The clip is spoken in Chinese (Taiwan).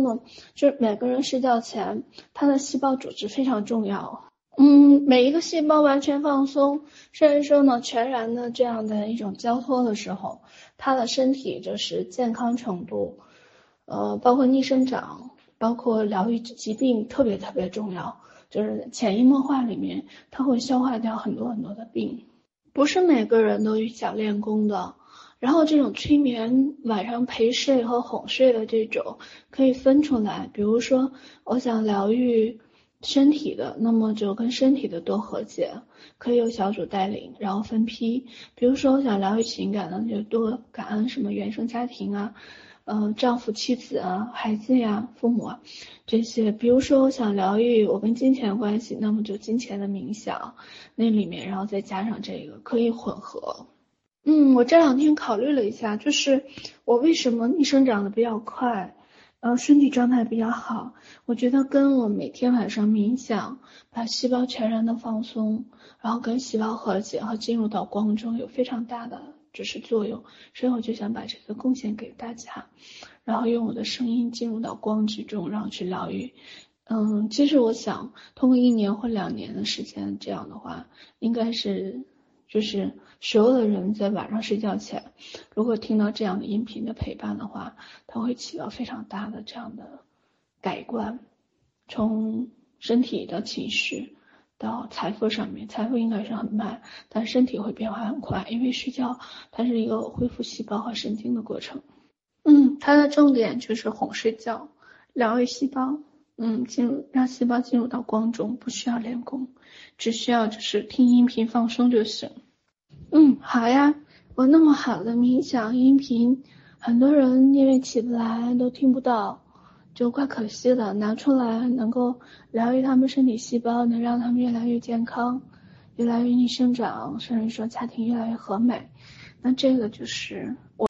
那麼就是每個人睡覺前，他的細胞組織非常重要。嗯，每一個細胞完全放鬆，甚至說呢，全然的這樣的一種交托的時候，他的身體就是健康程度，呃，包括逆生長，包括療癒疾病，特別特別重要。就是潛移默化裡面，他會消化掉很多很多的病。不是每個人都想練功的。然後這種催眠晚上陪睡和哄睡的這種可以分出來，比如說我想療癒身體的，那麼就跟身體的多和解，可以由小組帶領，然後分批。比如說我想療癒情感的就多感恩什麼原生家庭啊，嗯、呃，丈夫、妻子啊、孩子呀、啊、父母啊，這些。比如說我想療癒我跟金錢的關係，那麼就金錢的冥想那裡面，然後再加上這個可以混合。嗯，我這兩天考慮了一下，就是我為什麼逆生長得比較快，然後身體狀態比較好，我覺得跟我每天晚上冥想，把細胞全然的放鬆，然後跟細胞和解和進入到光中有非常大的就是作用，所以我就想把這個貢獻給大家，然後用我的聲音進入到光之中，然後去療癒。嗯，其實我想通過一年或兩年的時間，這樣的話應該是。就是所有的人在晚上睡覺前，如果聽到這樣的音頻的陪伴的話，它會起到非常大的這樣的改觀，從身體到情緒到財富上面，財富應該是很慢，但身體會變化很快，因為睡覺它是一個恢復細胞和神經的過程。嗯，它的重點就是哄睡覺，療癒細胞。嗯，進入讓細胞進入到光中，不需要練功，只需要就是聽音頻放鬆就行。嗯，好呀，我那麼好的冥想音頻，很多人因為起不來都聽不到，就怪可惜了。拿出來能夠療癒他們身體細胞，能讓他們越來越健康，越來越逆生長，甚至說家庭越來越和美。那這個就是我。